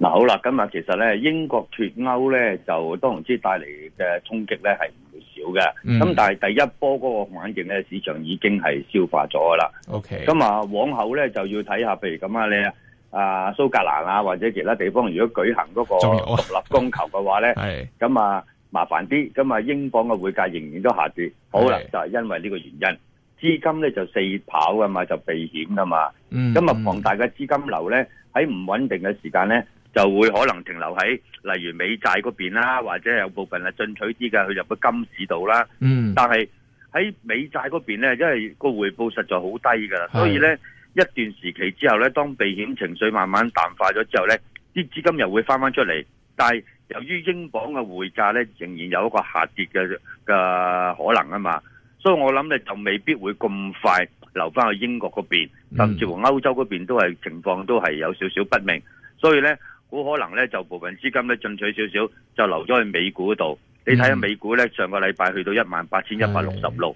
嗱好啦，咁啊，其實咧英國脫歐咧就當然之帶嚟嘅衝擊咧係唔會少嘅。咁、嗯、但係第一波嗰個反應咧，市場已經係消化咗噶啦。OK，咁啊往後咧就要睇下，譬如咁啊，你啊蘇格蘭啊或者其他地方，如果舉行嗰個獨立公投嘅話咧，咁 啊麻煩啲。咁啊，英鎊嘅匯價仍然都下跌。好啦，就係、是、因為呢個原因，資金咧就四跑啊嘛，就避險㗎嘛。咁啊龐大嘅資金流咧喺唔穩定嘅時間咧。就會可能停留喺，例如美債嗰邊啦，或者有部分係進取啲嘅去入咗金市度啦。嗯。但係喺美債嗰邊咧，因為個回報實在好低噶啦，所以咧一段時期之後咧，當避險情緒慢慢淡化咗之後咧，啲資金又會翻翻出嚟。但係由於英鎊嘅匯價咧仍然有一個下跌嘅嘅可能啊嘛，所以我諗咧就未必會咁快留翻去英國嗰邊，甚至乎歐洲嗰邊都係情況都係有少少不明，所以咧。好可能咧，就部分資金咧進取少少，就留咗去美股嗰度。嗯。你睇下美股咧，上個禮拜去到一萬八千一百六十六，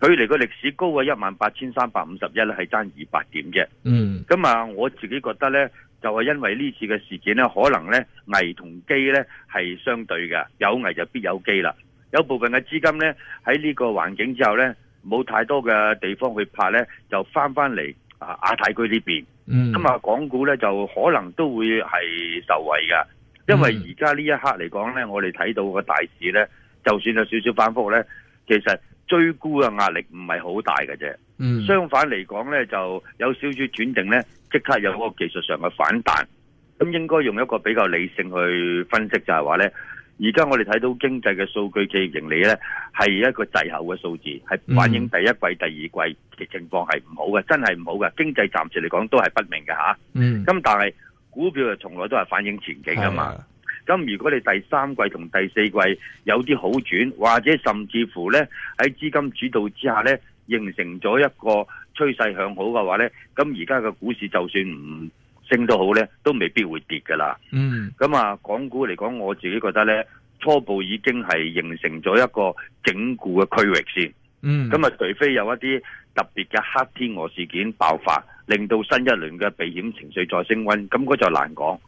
距離個歷史高嘅一萬八千三百五十一咧，係爭二百點嘅。嗯，咁啊，我自己覺得咧，就係因為呢次嘅事件咧，可能咧危同機咧係相對嘅，有危就必有機啦。有部分嘅資金咧喺呢個環境之後咧，冇太多嘅地方去拍咧，就翻翻嚟。亞太區呢邊，咁啊，港股咧就可能都會係受惠嘅，因為而家呢一刻嚟講咧，我哋睇到個大市咧，就算有少少反覆咧，其實追沽嘅壓力唔係好大嘅啫。相反嚟講咧，就有少少轉定咧，即刻有嗰個技術上嘅反彈，咁應該用一個比較理性去分析就，就係話咧。而家我哋睇到經濟嘅數據、企業盈利咧，係一個滯後嘅數字，係反映第一季、第二季嘅情況係唔好嘅、嗯，真係唔好嘅。經濟暫時嚟講都係不明嘅嚇。咁、嗯、但係股票就從來都係反映前景啊嘛。咁如果你第三季同第四季有啲好轉，或者甚至乎咧喺資金主導之下咧，形成咗一個趨勢向好嘅話咧，咁而家嘅股市就算唔升都好咧，都未必會跌噶啦。嗯，咁啊，港股嚟講，我自己覺得咧，初步已經係形成咗一個整固嘅區域先。嗯，咁啊，除非有一啲特別嘅黑天鵝事件爆發，令到新一輪嘅避險情緒再升溫，咁嗰就難講。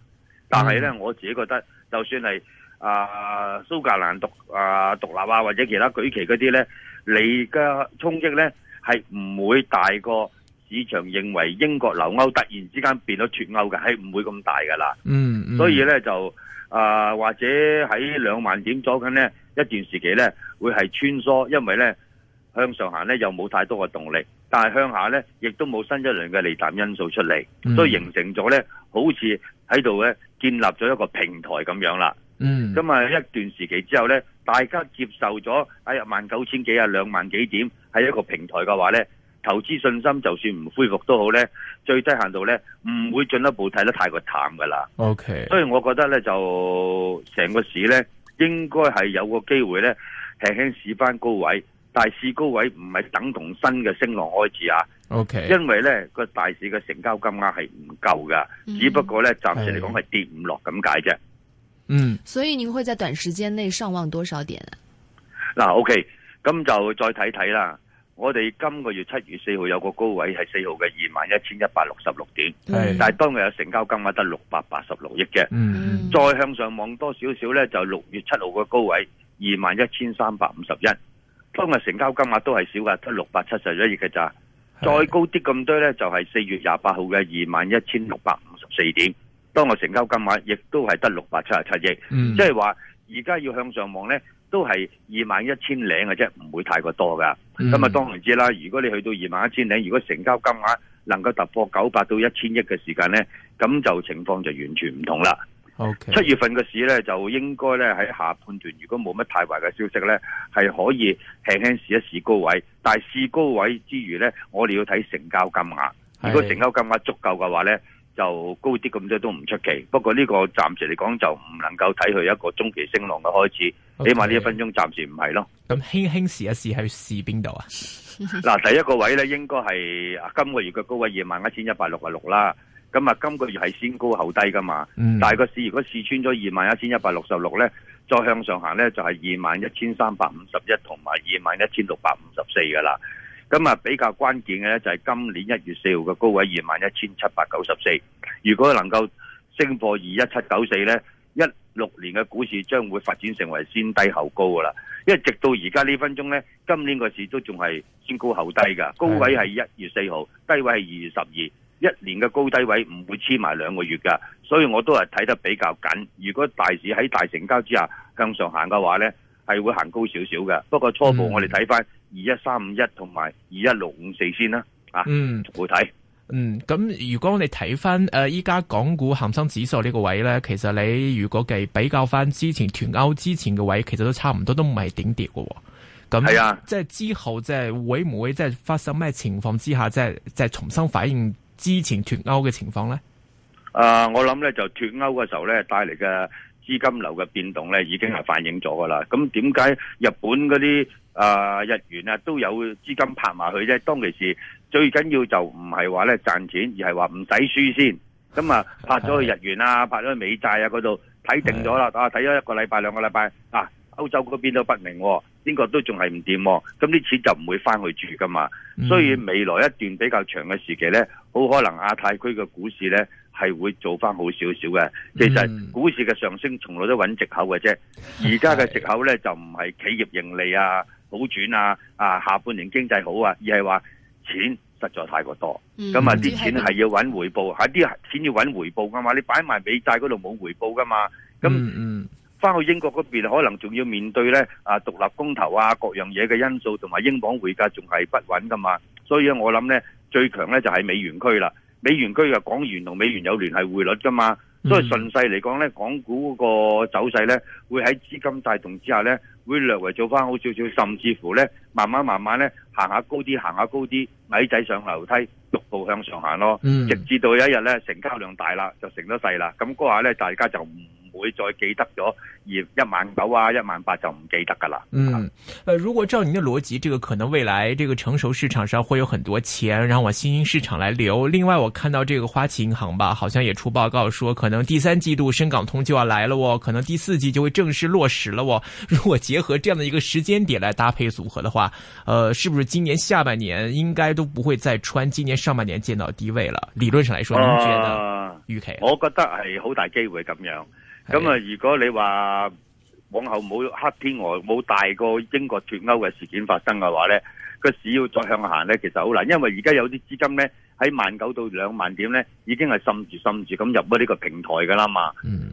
但係咧，嗯，我自己覺得，就算係啊蘇格蘭獨啊獨立啊，或者其他舉旗嗰啲咧，你嘅衝擊咧係唔會大過。市場認為英國留歐突然之間變咗脫歐嘅，係唔會咁大㗎喇。嗯、mm -hmm.，所以咧就啊、呃，或者喺兩萬點左近咧一段時期咧會係穿梭，因為咧向上行咧又冇太多嘅動力，但係向下咧亦都冇新一輪嘅利淡因素出嚟，mm -hmm. 所以形成咗咧好似喺度咧建立咗一個平台咁樣啦。嗯，咁啊一段時期之後咧，大家接受咗喺一萬九千幾啊兩萬幾點喺一個平台嘅話咧。投資信心就算唔恢復都好咧，最低限度咧唔會進一步睇得太過淡噶啦。OK，所以我覺得咧就成個市咧應該係有個機會咧輕輕試翻高位，但係試高位唔係等同新嘅升浪開始啊。OK，因為咧個大市嘅成交金額係唔夠噶，mm-hmm. 只不過咧暫時嚟講係跌唔落咁解啫。嗯，所以你會在短時間內上望多少點？嗱，OK，咁就再睇睇啦。我哋今個月七月四號有個高位係四號嘅二萬一千一百六十六點，但係當日有成交金額得六百八十六億嘅、嗯，再向上望多少少咧就六月七號嘅高位二萬一千三百五十一，當日成交金額都係少噶得六百七十一億嘅咋，再高啲咁多咧就係四月廿八號嘅二萬一千六百五十四點，當日成交金額亦都係得六百七十七億，嗯、即係話而家要向上望咧。都係二萬一千零嘅啫，唔會太過多噶。咁、嗯、啊，當然知啦。如果你去到二萬一千零，如果成交金額能夠突破九百到一千億嘅時間呢，咁就情況就完全唔同啦。okay. 七月份嘅市呢，就應該呢喺下半段，如果冇乜太壞嘅消息呢，係可以輕輕試一試高位。但係試高位之餘呢，我哋要睇成交金額。如果成交金額足夠嘅話呢。就高啲咁多都唔出奇，不過呢個暫時嚟講就唔能夠睇佢一個中期升浪嘅開始，okay. 起碼呢一分鐘暫時唔係咯。咁輕輕試一試，去試邊度啊？嗱， 第一個位呢應該係今個月嘅高位二萬一千一百六十六啦。咁啊，今個月係先高後低噶嘛，嗯、但係個市如果試穿咗二萬一千一百六十六呢，再向上行呢，就係二萬一千三百五十一同埋二萬一千六百五十四噶啦。咁啊，比較關鍵嘅咧就係今年一月四號嘅高位二萬一千七百九十四，如果能夠升破二一七九四咧，一六年嘅股市將會發展成為先低後高㗎喇。因為直到而家呢分鐘咧，今年個市都仲係先高後低㗎，高位係一月四號，低位係二月十二，一年嘅高低位唔會黐埋兩個月㗎，所以我都係睇得比較緊。如果大市喺大成交之下向上行嘅話咧，係會行高少少嘅。不過初步我哋睇返，嗯二一三五一同埋二一六五四先啦，啊，嗯，我睇，嗯，咁如果我哋睇翻，誒、呃，依家，港股恒生指數呢個位咧，其實你如果計比較翻之前脫歐之前嘅位，其實都差唔多都、哦，都唔係點跌嘅，咁，係啊，即係之後即係會唔會即係發生咩情況之下，即係即係重新反映之前脫歐嘅情況咧？誒、呃，我諗咧就脫歐嘅時候咧帶嚟嘅。資金流嘅變動咧，已經係反映咗噶啦。咁點解日本嗰啲啊日元啊都有資金拍埋去啫？當其時最緊要就唔係話咧賺錢，而係話唔使輸先。咁啊拍咗去日元啊，拍咗去美債啊嗰度睇定咗啦。啊睇咗一個禮拜，兩個禮拜。嗱、啊、歐洲嗰邊都不明，英國都仲係唔掂。咁啲錢就唔會翻去住噶嘛。所以未來一段比較長嘅時期咧，好可能亞太區嘅股市咧。係會做翻好少少嘅。其實股市嘅上升從來都揾藉口嘅啫。而家嘅藉口咧就唔係企業盈利啊、好轉啊、啊下半年經濟好啊，而係話錢實在太過多，咁啊啲錢係要揾回報，係啲錢要揾回報噶嘛？你擺埋美債嗰度冇回報噶嘛？咁嗯，翻去英國嗰邊可能仲要面對咧啊獨立公投啊，各樣嘢嘅因素，同埋英鎊匯價仲係不穩噶嘛？所以我諗咧最強咧就係美元區啦。美元區嘅港元同美元有聯繫匯率噶嘛，所以順勢嚟講咧，港股嗰個走勢咧，會喺資金帶動之下咧，會略為做翻好少少，甚至乎咧，慢慢慢慢咧，行下高啲，行下高啲，矮仔上樓梯，逐步向上行咯，嗯、直至到有一日咧，成交量大啦，就成得勢啦，咁嗰下咧大家就，會再記得咗而一萬九啊，一萬八就唔記得㗎喇。嗯、呃，如果照您的邏輯，這個可能未來這個成熟市場上會有很多錢，然後往新興市場來流。另外，我看到這個花旗銀行吧，好像也出報告說，可能第三季度深港通就要來了喔、哦，可能第四季就會正式落實了喔、哦。如果結合這樣的一個時間點來搭配組合的話，呃，是不是今年下半年應該都不會再穿今年上半年見到低位了？理論上來說，您覺得期？余、呃、凱，我覺得係好大機會咁樣。咁啊！如果你話往後冇黑天鵝，冇大過英國脫歐嘅事件發生嘅話咧，個市要再向下行咧，其實好難，因為而家有啲資金咧喺萬九到兩萬點咧，已經係滲住滲住咁入咗呢個平台噶啦嘛。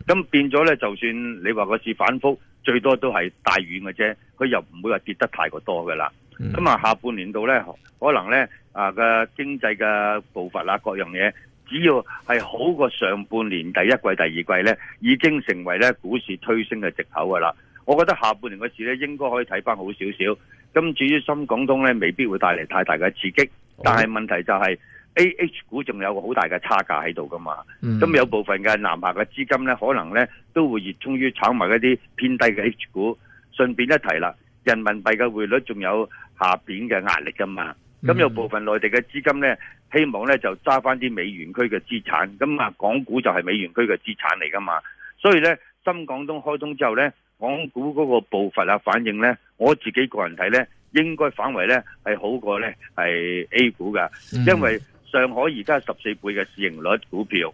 咁、嗯、變咗咧，就算你話個市反覆，最多都係大遠嘅啫，佢又唔會話跌得太過多噶啦。咁、嗯、啊，下半年度咧，可能咧啊，個經濟嘅步伐啦、啊，各樣嘢。只要係好過上半年，第一季、第二季呢，已經成為咧股市推升嘅藉口噶啦。我覺得下半年嘅市呢，應該可以睇翻好少少。咁至於深港通呢，未必會帶嚟太大嘅刺激。但係問題就係 A H 股仲有個好大嘅差價喺度噶嘛。咁、嗯、有部分嘅南下嘅資金呢，可能呢都會熱衷於炒埋一啲偏低嘅 H 股。順便一提啦，人民幣嘅匯率仲有下邊嘅壓力噶嘛。咁有部分內地嘅資金咧，希望咧就揸翻啲美元區嘅資產，咁啊，港股就係美元區嘅資產嚟噶嘛。所以咧，深港東開通之後咧，港股嗰個步伐啊反應咧，我自己個人睇咧，應該反為咧係好過咧係 A 股㗎。因為上海而家十四倍嘅市盈率股票，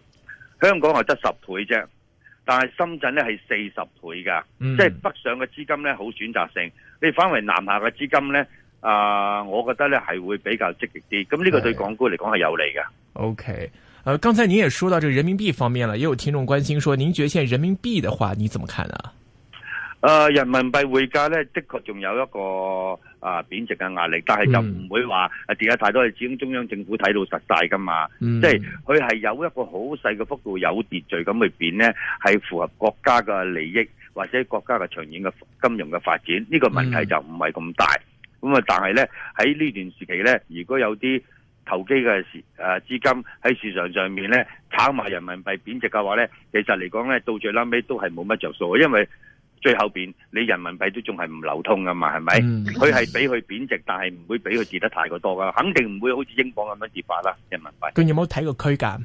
香港係得十倍啫，但係深圳咧係四十倍噶，即、嗯、係、就是、北上嘅資金咧好選擇性，你反為南下嘅資金咧。啊、呃，我覺得咧係會比較積極啲，咁、這、呢個對港股嚟講係有利嘅。OK，誒、呃，剛才您也說到這個人民幣方面啦，也有聽眾關心說，您覺得人民幣的話，你怎麼看啊？誒、呃，人民幣匯價咧的確仲有一個啊、呃、貶值嘅壓力，但係就唔會話跌得太多，始終中央政府睇到實晒噶嘛，嗯、即係佢係有一個好細嘅幅度有秩序咁去貶，呢係符合國家嘅利益或者國家嘅長遠嘅金融嘅發展，呢、這個問題就唔係咁大。嗯咁啊！但係咧喺呢段時期咧，如果有啲投機嘅市誒資金喺市場上面咧炒埋人民幣貶值嘅話咧，其實嚟講咧到最拉尾都係冇乜着數，因為最後邊你人民幣都仲係唔流通噶嘛，係咪？佢係俾佢貶值，但係唔會俾佢跌得太過多噶，肯定唔會好似英鎊咁樣跌法啦。人民幣佢有冇睇過區間？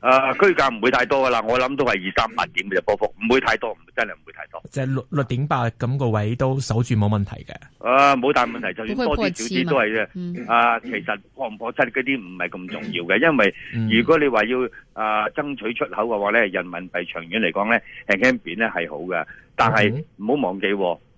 誒、呃，區間唔會太多噶啦，我諗都係二三八點嘅波幅，唔會太多，真係唔會太多。即係六六點八咁個位都守住冇問題嘅。啊、呃，冇大問題，就算多啲少啲都係嘅。啊、嗯呃，其實破唔破七嗰啲唔係咁重要嘅，嗯，因為如果你話要啊、呃、爭取出口嘅話咧，人民幣長遠嚟講咧輕輕貶咧係好嘅。但係唔好忘記。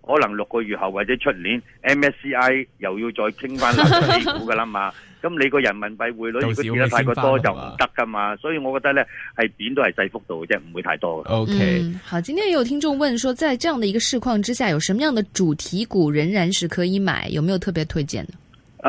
可能六個月後或者出年 MSCI 又要再傾翻嚟美股噶啦嘛，咁 你個人民幣匯率會會如果跌得太過多就唔得噶嘛，所以我覺得咧係變都係細幅度嘅啫，唔會太多。O、okay. K，、嗯、好，今天有聽眾問說，在這樣的一個市況之下，有什麼樣的主題股仍然是可以買？有沒有特別推薦？誒、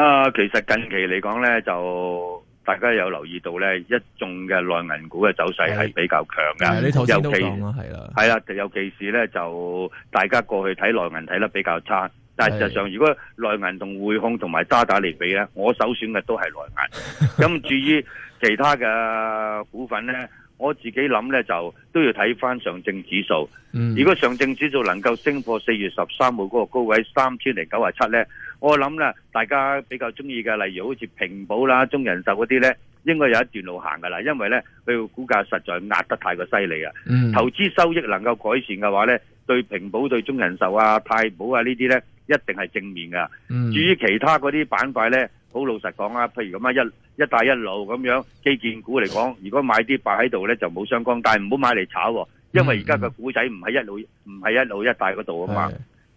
啊，其實近期嚟講咧就。大家有留意到咧，一眾嘅內銀股嘅走勢係比較強嘅，尤其係啦，係啦，尤其是咧就大家過去睇內銀睇得比較差，但係事實上如果內銀同匯控同埋渣打嚟比咧，我首選嘅都係內銀。咁 至於其他嘅股份咧，我自己諗咧就都要睇翻上證指數、嗯。如果上證指數能夠升破四月十三號嗰個高位三千零九十七咧。我諗啦，大家比較中意嘅，例如好似平保啦、中人壽嗰啲呢，應該有一段路行噶啦，因為呢，佢個股價實在壓得太過犀利啊！投資收益能夠改善嘅話呢，對平保、對中人壽啊、太保啊呢啲呢，一定係正面噶、嗯。至於其他嗰啲板塊呢，好老實講啊，譬如咁啊，一一帶一路咁樣基建股嚟講，如果買啲擺喺度呢，就冇相干，但係唔好買嚟炒、哦，因為而家個股仔唔係一路唔係、嗯、一路一帶嗰度啊嘛。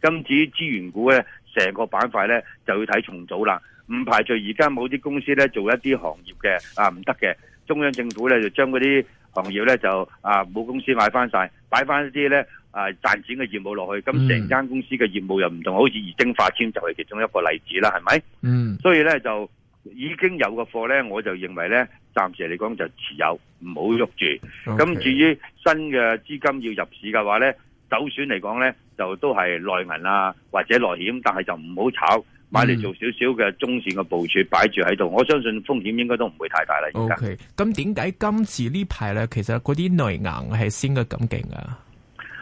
今次資源股呢，成個板塊咧就要睇重組啦，唔排除而家某啲公司咧做一啲行業嘅啊唔得嘅，中央政府咧就將嗰啲行業咧就啊冇公司買翻晒，擺翻一啲咧啊賺錢嘅業務落去，咁成間公司嘅業務又唔同，好似儀征化纖就係其中一個例子啦，係咪？嗯，所以咧就已經有嘅貨咧，我就認為咧暫時嚟講就持有，唔好喐住。咁至於新嘅資金要入市嘅話咧。首選嚟講咧，就都係內銀啊，或者內險，但係就唔好炒，買嚟做少少嘅中線嘅部署擺住喺度。我相信風險應該都唔會太大啦。O K，咁點解今次呢排咧，其實嗰啲內銀係先嘅咁勁啊？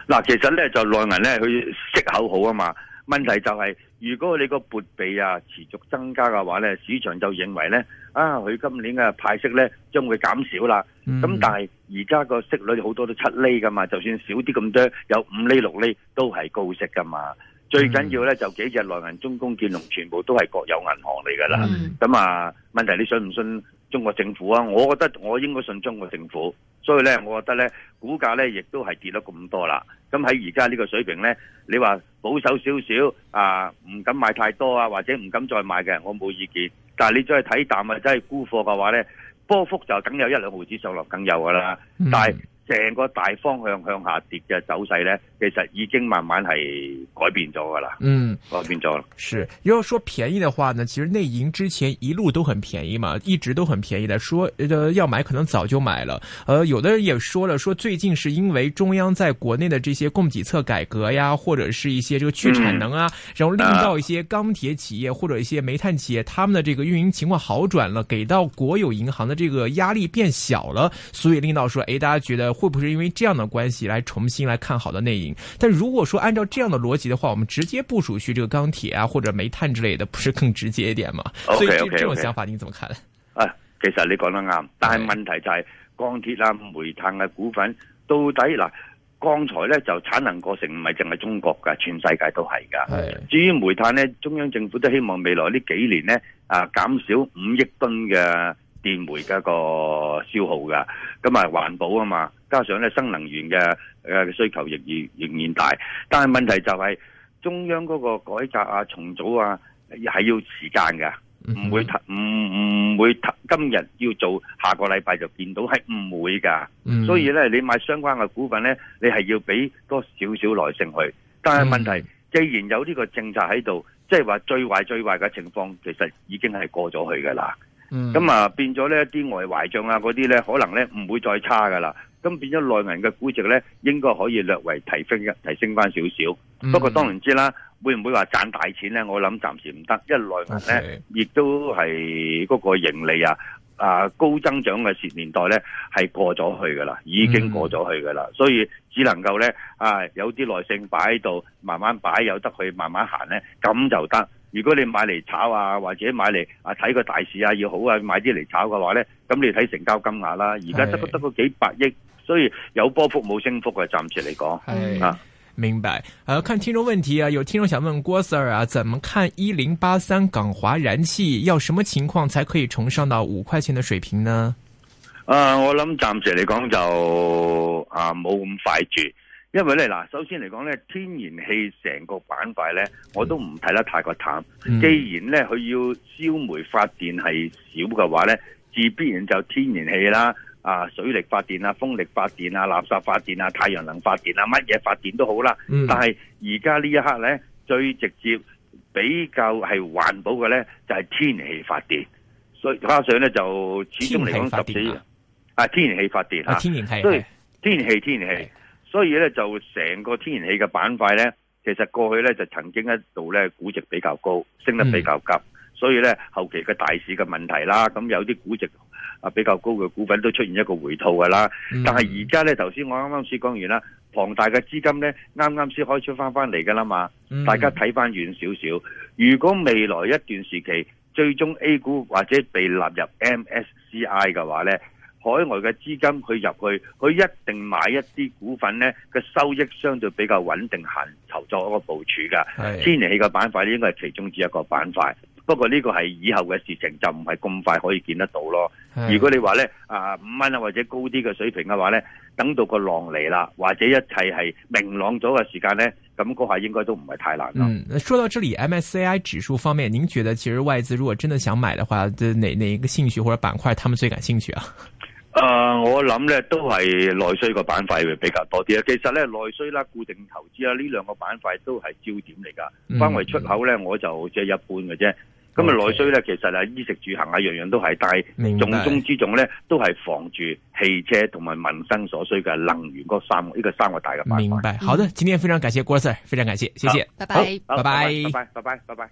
嗱，其實咧就內銀咧，佢息口好啊嘛。問題就係、是、如果你個撥備啊持續增加嘅話咧，市場就認為咧啊，佢今年嘅派息咧將會減少啦。咁、嗯、但係而家個息率好多都七厘噶嘛，就算少啲咁多，有五厘六厘都係高息噶嘛。最緊要咧就幾隻內銀，中工建農全部都係國有銀行嚟噶啦。咁、嗯、啊，問題，你信唔信中國政府啊？我覺得我應該信中國政府。所以咧，我覺得咧，股價咧亦都係跌到咁多啦。咁喺而家呢個水平咧，你話保守少少啊，唔敢買太多啊，或者唔敢再買嘅，我冇意見。但係你再睇淡或者係沽貨嘅話咧。波幅就梗有一兩毫子上落，梗有噶啦，但係。成個大方向向下跌嘅走勢呢，其實已經慢慢係改變咗㗎喇。嗯，改變咗。是，如果說便宜的話呢，其實內銀之前一路都很便宜嘛，一直都很便宜的。的說，要買可能早就買了。呃，有的人也說了，說最近是因為中央在國內的這些供給側改革呀，或者是一些這個去產能啊、嗯，然後令到一些鋼鐵企業或者一些煤炭企業，他們的這個運營情況好轉了，給到國有銀行的這個壓力變小了，所以令到說，誒，大家覺得。會不會因為這樣的關係來重新來看好的內營？但如果說按照這樣的邏輯的話，我們直接部署去這個鋼鐵啊或者煤炭之類的，不是更直接一點嗎？Okay, okay, okay. 所以這種想法你怎麼看？啊，其實你講得啱，但係問題就係鋼鐵啊煤炭嘅股份到底嗱？鋼材咧就產能過剩唔係淨係中國噶，全世界都係噶。係至於煤炭咧，中央政府都希望未來呢幾年咧啊減少五億噸嘅。電煤嘅一個消耗噶，咁啊環保啊嘛，加上咧新能源嘅需求仍然仍然大，但係問題就係、是、中央嗰個改革啊、重組啊，係要時間噶，唔、嗯、會唔唔會今日要做，下個禮拜就見到係唔會噶、嗯，所以咧你買相關嘅股份咧，你係要俾多少少耐性去，但係問題既然有呢個政策喺度，即係話最壞最壞嘅情況，其實已經係過咗去噶啦。咁、嗯、啊，變咗咧一啲外懷賬啊，嗰啲咧可能咧唔會再差噶啦。咁變咗內銀嘅估值咧，應該可以略為提升一提升翻少少。不過當然知啦，會唔會話賺大錢咧？我諗暫時唔得，因為內銀咧亦都係嗰個盈利啊啊高增長嘅十年代咧係過咗去噶啦，已經過咗去噶啦、嗯，所以只能夠咧啊有啲耐性擺喺度，慢慢擺，有得去慢慢行咧，咁就得。如果你買嚟炒啊，或者買嚟啊睇個大市啊要好啊，買啲嚟炒嘅話咧，咁你睇成交金額啦，而家得不得個幾百億，哎，所以有波幅冇升幅嘅，啊，暫時嚟講。係、哎、啊，明白。啊，看聽眾問題啊，有聽眾想問郭 Sir 啊，怎麼看一零八三港華燃氣？要什麼情況才可以重上到五塊錢嘅水平呢？啊，我諗暫時嚟講就啊冇咁快住。因為咧嗱，首先嚟講咧，天然氣成個板塊咧，我都唔睇得太過淡、嗯。既然咧佢要燒煤發電係少嘅話咧，自必然就天然氣啦，啊，水力發電啊，風力發電啊，垃圾發電啊，太陽能發電啊，乜嘢發電都好啦、嗯。但係而家呢一刻咧，最直接比較係環保嘅咧，就係天然氣發電。所以加上咧就始終嚟講，十四啊，天然氣發電吓、啊，天然氣咧，天然氣，天然氣。所以咧就成個天然氣嘅板塊咧，其實過去咧就曾經一度咧估值比較高，升得比較急。所以咧後期嘅大市嘅問題啦，咁有啲估值啊比較高嘅股份都出現一個回吐噶啦。但係而家咧頭先我啱啱先講完啦，龐大嘅資金咧啱啱先開出翻翻嚟噶啦嘛。大家睇翻遠少少，如果未來一段時期最終 A 股或者被納入 MSCI 嘅話咧，海外嘅資金佢入去，佢一定買一啲股份咧嘅收益相對比較穩定，行投作一個部署嘅。天然氣嘅板塊咧，應該係其中之一個板塊。不過呢個係以後嘅事情，就唔係咁快可以見得到咯。如果你話咧啊五蚊啊或者高啲嘅水平嘅話咧，等到個浪嚟啦，或者一切係明朗咗嘅時間咧，咁嗰下應該都唔係太難咯。嗯，說到這裡，MSCI 指數方面，您覺得其實外資如果真的想買嘅話，即係哪哪一個興趣或者板塊，他們最感興趣啊？誒、呃，我諗咧都係內需個板塊會比較多啲啊。其實咧內需啦、固定投資啊呢兩個板塊都係焦點嚟㗎、嗯。關於出口咧、嗯，我就即係一般嘅啫。咁啊，內需咧其實啊，衣食住行啊樣樣都係，但係重中之重咧都係防住汽車同埋民生所需嘅能源嗰三個呢個三個大嘅板塊。明白，好的，今天非常感謝郭 Sir，非常感謝，謝謝、啊拜拜，拜拜，拜拜，拜拜，拜拜，拜拜。